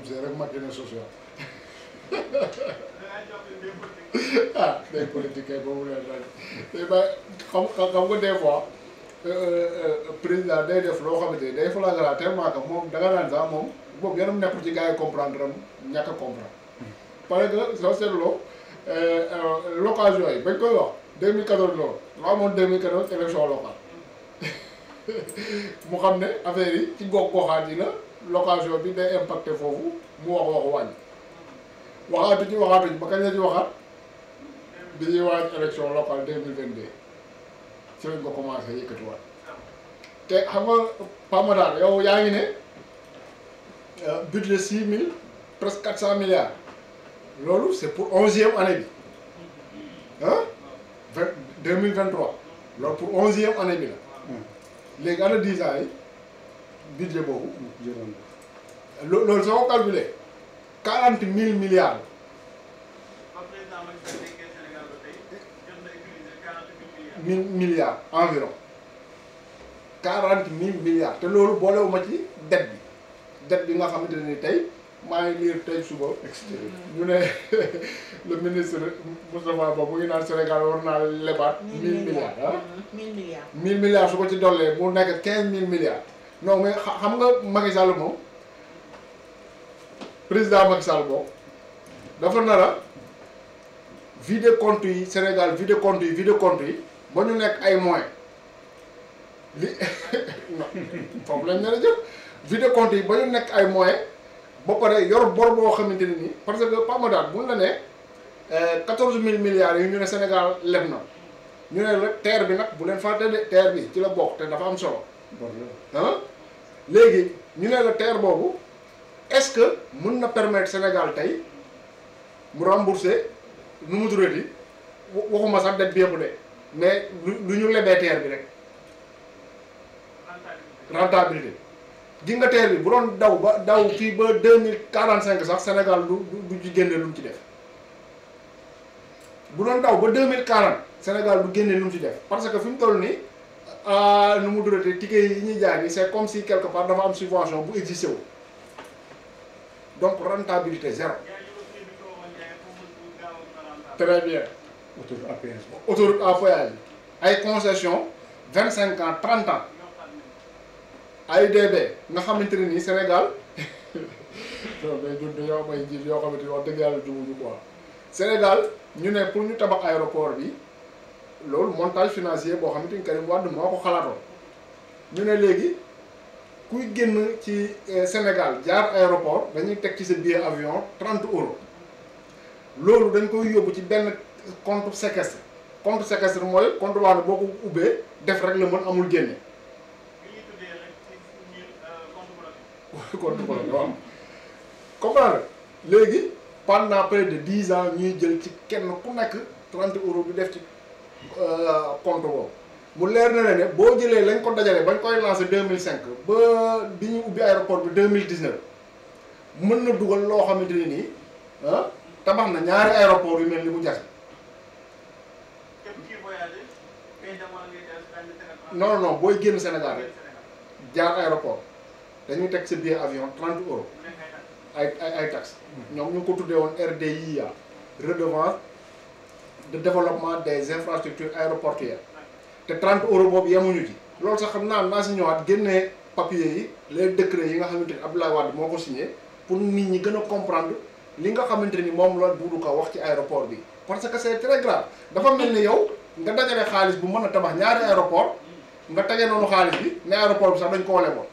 jub see rek Macky ne social ah day politique kay boobu leen rek xam xam nga des président day def loo xamante ni day flagrant tellement que moom da naan sax moom boobu yanam nekkul ci gars yi comprendre am ñàkk eh, eh, a comprendre parce que soo seetloo l'occasion yi bañ koy wax 2014 loolu la amoon 2014 élection locale mu xam ne affaire ci gox goxaat yi la location bi day impacté foofu mu wax wax wàññi waxaatu ci la ci waxaat bi te xam nga Pamadar yow yaa ngi ne euh, budget six mille presque quatre cent milliards loolu c' pour onzième année bi ah vingt deux mille vingt trois loolu pour onzième année bi la hmm. léegi ana dix budget boobu. loo loolu soo ko calculé quarante mille milliards. mille milliards te loolu boolewuma ci dette bi dette bi nga xamante ni tey maa liir tey suba. extérieur ñu ne le ministre Moustapha Ba mu ngi naan Sénégal war naa lebaat. mille milliards ah milliards. su ko ci dollee mu nekk quinze mill milliards. non mais xam nga Macky Sall moom président Macky boobu dafa nara a vider compte yi Sénégal vider compte yi vider compte yi ba ñu nekk ay moyens li foofu lañ nar a jël vider compte yi ba ñu nekk ay moyens ba pare yor bor boo xamante ne nii parce que PAM daal bu ñu ne nee eh, quatorze mille milliards yi ñu ne Sénégal leb na ñu ne la terre bi nag bu leen fàtte de terre bi ci la bokk te dafa am solo. ah léegi ñu ne la terre boobu est-ce que mun na permettre Sénégal tey mu rembourser nu mu turee di waxuma sax dette bi yëpp de mais lu ñu lebee terre bi rek rentabilité di nga terre bi bu doon daw ba daw fii ba deux mille quarante cinq sax Sénégal du du ci génne lu mu ci def bu doon daw ba deux mille quarante Sénégal du génne lu mu ci def parce que fi mu toll nii ah nu mu duratee ticket yi ñuy jaar nii c'est comme si quelque part dafa am subvention bu existé wu donc rentabilité zéro. très bien. autoroute à péage. autoroute à péage ay concession vingt cinq ans trente ay AIBD nga xamante ne nii Sénégal non mais ñun dañoo may ji yoo xamante ni wax dëgg yàlla jubuñu quoi Sénégal ñu ne pour ñu tabax aéroport bi. loolu montage financier boo xamante ni Karim Wade moo ko xalaatoon ñu ne léegi kuy génn ci euh, Sénégal jaar aéroport dañuy teg ci sa billet avion 30 euros loolu dañ koy yóbbu ci benn compte séquestre compte séquestre mooy compte boo xam ne def rek la mën amul génne. compte bloqué waaw comprendre léegi pendant près de dix ans ñuy jël ci kenn ku nekk 30 euros bi def ci. Euh, compte boobu mu leer na ne boo jëlee lañ ko dajale bañ koy lancé deux mille cinq ba bi ñu ubbi aéroport bi deux mille dix neuf mën na dugal loo xamante ne nii ah tabax na ñaari aéroport yu mel ni bu jaxe non non booy génn Sénégal rek jaar aéroport dañuy teg sa billet avion trente euros ay ay ay mm-hmm. ñoom ñu ko tuddee woon RDIA redevance de développement des infrastructures aéroportuaires te 30 euros boobu yemuñu ci loolu sax xam naa naa si ñëwaat génnee papier yi les décrets yi nga xamante ni Abdoulaye Wade moo ko signé pour nit ñi gën a comprendre li nga xamante ni moom la Doudou ko wax ci aéroport bi parce que c'est très grave dafa mel ni yow nga dajale xaalis bu mën a tabax ñaari aéroport nga tege noonu xaalis bi ne aéroport bi sax dañ ko wale woon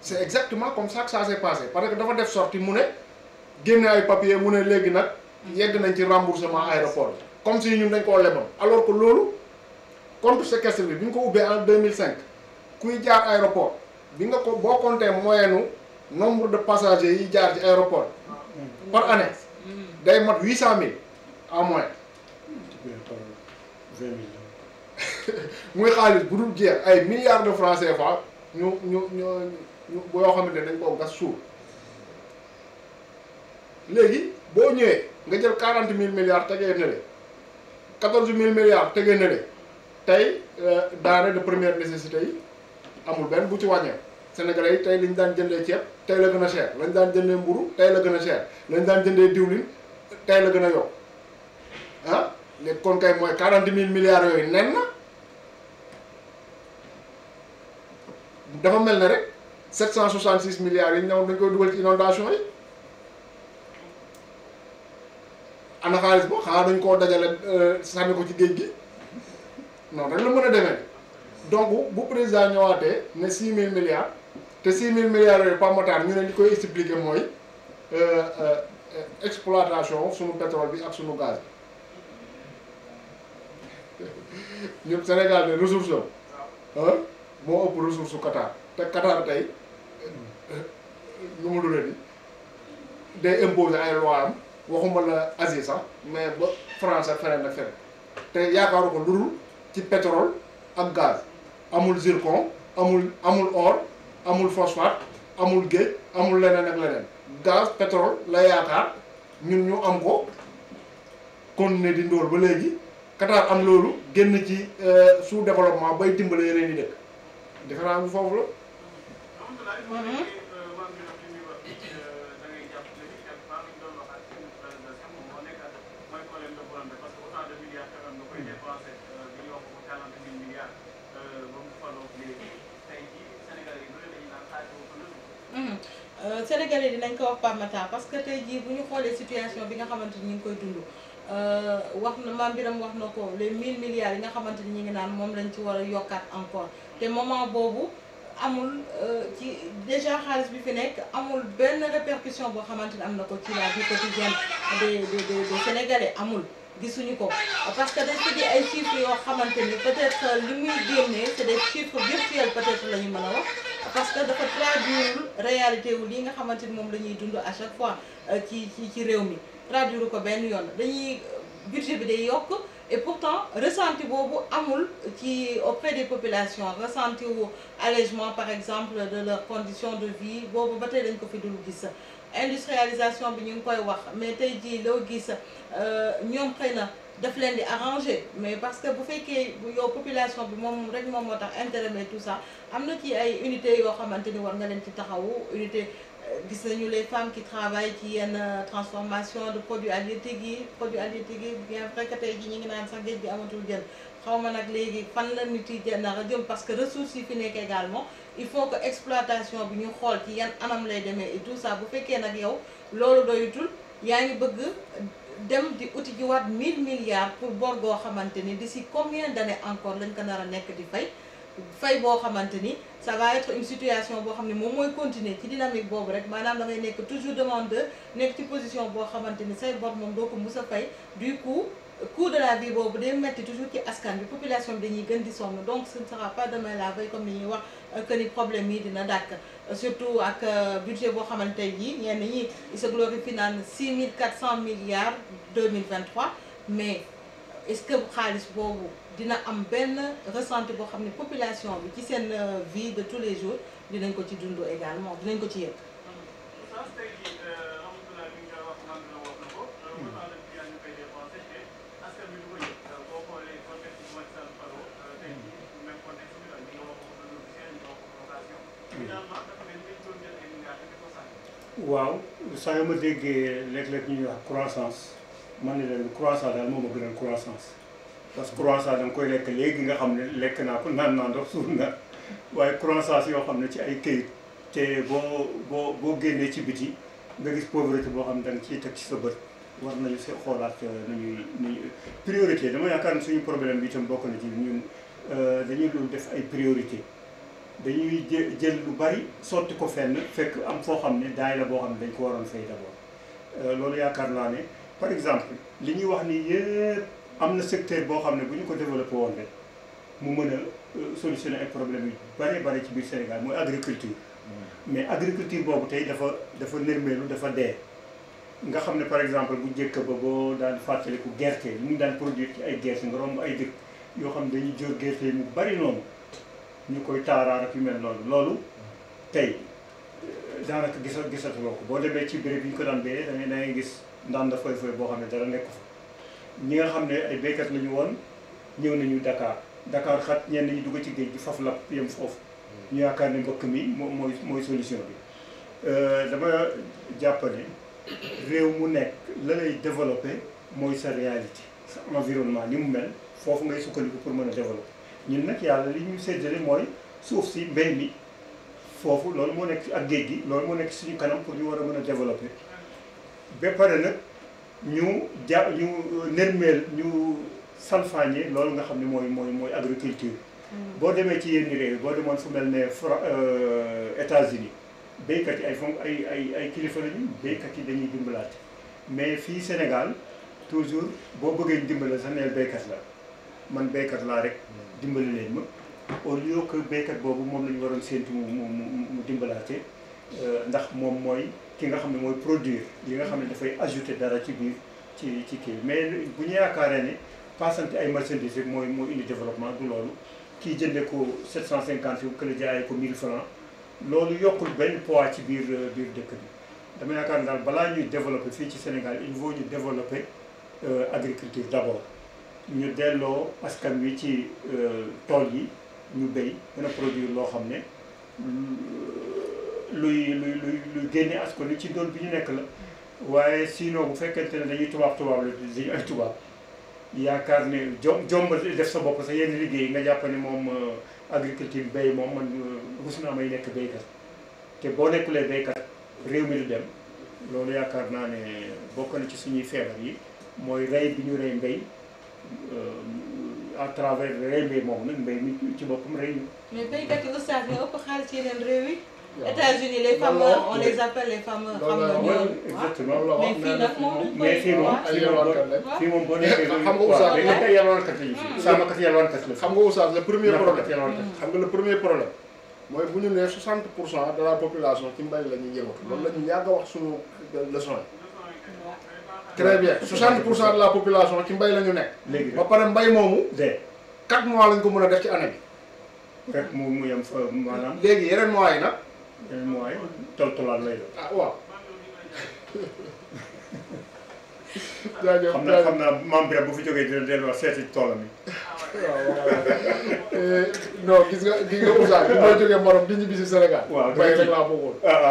c'est exactement comme ça que ça s'est parce que dafa def sorti mu ne génne ay papier mu ne léegi nag yegg nañ ci remboursement aéroport bi comme si ñun dañ koo leboon alors que loolu compte séquestre bi bi ñu ko ubbee en cinq kuy jaar aéroport bi nga ko boo compter moyenu nombre de passagers yi jaar ci aéroport par année mm. day mat mille en moyenne. muy xaalis bu dul jeex ay milliards de francs CFA ñu ñu ñu ñu boo xamante ne dañ koo gas suuf léegi. boo ñëwee nga jël quarante mille milliards tegee ne le quatorze mille milliards tegee ne tey euh, denrées de première nécessité yi amul benn bu ci wàññeeku Sénégalais yi tey li daan jëndee ceeb tey la gën a cher lañ daan jëndee mburu tey la gën a cher lañ daan jëndee diwlin tey la gën a yokk ah léegi kon kay mooy quarante mille milliards yooyu nen na dafa mel ne rek sept cent soixante six milliards yi ñëw dañ koy dugal ci inondation yi. ana xaalis boo xanaa dañ koo dajale euh, sànni ko ci géej gi noonu rek la mën a demee donc bu président ñëwaatee ne 6 000 milliards te 6 000 milliards yooyu Pape Matar ñu ne li koy expliquer mooy euh, euh, exploitation sunu pétrole bi ak sunu gaz bi ñun Sénégal de ressource am ëpp ressource su te Qatar tey nu mu dul day imposer ay loi am. waxuma la Asie sax mais ba France ak feneen ak feneen te yaakaaru ko lu dul ci pétrole ak gaz amul zircon amul amul or amul phosphate amul géej amul leneen ak leneen gaz pétrole la yaakaar ñun ñu am ko continuer di ndóol ba léegi Qatar am loolu génn ci euh, sous développement bay dimbale yeneen yi dëkk defe naa foofu la. Sénégalais dinañ ko wax Pape Matar parce que tey jii bu ñu xoolee situation bi nga xamante ni ñu ngi koy dund euh, wax na Mame Birame wax na ko les mille milliards yi nga xamante ni ñu ngi naan moom lañ ci war a yokkaat encore te moment boobu amul euh, ci déjà xaalis bi fi nekk amul benn répercussion boo xamante ni am na ko ci la vie quotidienne des des des Sénégalais amul. gisuñu ko parce que dañ ay chiffres yoo xamante ni peut-être li muy génnee c'est des chiffres virtuels peut-être la ñu mën a wax parce que dafa traduire réalité wu yi nga xamante ni moom la ñuy dund à chaque fois euh, ci ci ci réew mi traduire ko benn yoon dañuy budget bi day yokk et pourtant ressenti boobu amul ci auprès des populations ressenti wu allègement par exemple de leurs conditions de vie boobu ba tey dañ ko fi dul gis industrialisation bi ñu ngi koy wax mais tey jii loo gis euh, ñoom xëy na daf leen di arranger mais parce que bu fekkee yow population bi moom rek moom moo tax intérêt mais tout ça am na ci ay unité yoo xamante ni war na leen ci taxawu unité gis nañu les femmes qui travaillent ci yenn euh, transformation de produits halieutiques yi produits halieutiques yi bien vrai que tey ji ñu ngi naan sax géej gi amatul jën xaw ma nag léegi fan la nit yi jën a jëm parce que ressources yi fi nekk également il faut que exploitation bi ñu xool ci yan anam lay demee et tout ça bu fekkee nag yow loolu doyutul yaa ngi bëgg dem di uti jiwaat 1000 milliards pour bor goo xamante ni di d'ici combien d'années encore lañ ko nar a nekk di fay fay boo xamante ni ça va être une situation boo xam ne moom mooy continuer ci dynamique boobu rek maanaam da ngay nekk toujours demandeur nekk ci position boo xamante ni say bor moom doo ko mus a fay du coup coût de la vie boobu de metti toujours ci askan bi population bi dañuy gën di sonn donc ce ne sera pas demain la veille comme ni ñuy wax euh, que ni problème yi dina dàkk euh, surtout ak euh, budget boo xamante yi ñenn ñi ils se glorifient naan 6400 milliards 2023 mais est-ce que xaalis boobu dina am benn ressenti boo xam ne population bi ci seen euh, vie de tous les jours dinañ ko ci dund également dinañ ko ci yëg. waaw saa yu ma déggee léeg-léeg ñuy wax croissance man ne leen croissance daal moo ma gënal croissance. parce que croissant danga koy lekk léegi nga xam ne lekk naa ko naan naa ndox suur na waaye croissant yoo xam ne ci ay këyit te boo boo boo génnee ci biti nga gis pauvreté boo xam ne danga ciy teg ci sa bët war nañu se xoolaat euh, nañuy nañuy priorité dama yaakaar ne suñu problème bi itam bokk na euh, dañuy dul def ay priorité dañuy jël lu bari sotti ko fenn fekk am foo xam ne daay la boo xam ne dañ ko waroon fay d'abord euh, loolu yaakaar naa ne par exemple li ñuy wax ni yëpp am na secteur boo xam ne bu ñu ko développé woon rek mu mën a euh, solutionner ay problèmes yu bare bare ci biir Sénégal mooy agriculture. Mm. mais agriculture boobu tey dafa dafa nërmeelu dafa dee. nga xam ne par exemple bu njëkk ba boo daan fàttaliku gerte mu daan produire ci ay gerte nga romb ay dëkk yoo xam ne dañuy jor gerte mu bari noonu ñu koy taaraar ak yu mel noonu loolu tey euh, daanaka gisa gisatuloo ko boo demee ci béréb yi ñu ko daan béyee da ngay gis ndaan da fooy fooy boo xam ne dara nekku fa. ñi nga xam ne ay béykat lañu woon ñëw nañu Dakar Dakar xat ñenn ñi dugg ci géej gi faf la yem foofu hmm. ñu yaakaar ne mbëkk mi moom mooy mooy solution bi euh, dama jàpp ne réew mu nekk la lay développé mooy sa réalité sa environnement ni mu mel foofu ngay sukkandiku pour mën a développé ñun nag yàlla li ñu séddale mooy suuf si mbéy mi foofu loolu moo nekk ak géej gi loolu moo nekk suñu kanam pour ñu war a mën a développé ba pare nag ñu ja ñu euh, nërmeel ñu salfaañe loolu nga xam ne mooy mooy mooy agriculture. Mm. boo demee ci yenn réew boo demoon fu mel ne Fra euh, États-Unis béykat yi ay fon ay ay ay kilifa lañu béykat yi dañuy dimbalaate mais fii Sénégal toujours boo bëggee dimbale sax neel béykat la man béykat laa rek dimbali leen ma au lieu que béykat boobu moom la ñu waroon seentu mu mu mu dimbalaate. Euh, ndax moom mooy ki nga xam ne mooy produire li nga xam ne dafay ajouter dara ci biir ci ci kii mais bu ñu yaakaaree ne passante ay marchandises rek mooy mooy indi développement du loolu kii jënde ko 750 yu kële jaayee ko 1000 francs loolu yokkul benn poids ci biir euh, biir dëkk bi dama yaakaar ne daal balaa ñuy développer fii ci Sénégal il faut ñu développer euh, agriculture d'abord ñu delloo askan wi ci tool yi ñu béy mën a produire loo xam ne. luy luy luy luy génne askan wi ci doon bi ñu nekk la waaye sinon bu fekkente ne dañuy tubaab tubaab la di ay tubaab yaakaar ne jom jomb def sa bopp sa yenn liggéey nga jàpp ne moom euh, agriculture bay moom man euh, rus naa may nekk béykat te boo nekkulee béykat réew mi du loolu yaakaar naa ne bokk na ci suñuy feebar yi mooy rey bi ñu rey mbéy euh, à travers rey mbéy moom ci boppam rey ñu. mais béykat yi oustaz ñoo ëpp xaalis yeneen réew yi. États-Unis les fameux on les appelle les fameux xam mais fii nag moom boo nekkee xam nga Oustaz dañuy yalwaankat yi sàmmkat la xam nga Oustaz le premier problème xam nga mooy bu ñu nee 60 pour cent de la population ci mbay la loolu la ñu yàgg a wax suñu leçon yi très bien 60 la population ci mbay la ñu nekk léegi ba pare mbay moomu de 4 mois lañ ko mën a def ci année bi mu mu yem fa léegi yeneen mois yi nag mooy toltolaat lay doon. ah waaw. jaajëf xam naa na naa membre bu fi jógee dina delluwaat seeti toolam yi. waaw eh, non gis nga gis nga Moussa bi ma jógee Maroc di ñibbi si Sénégal. waaw waaye rek laa bëggoon. Ah, ah.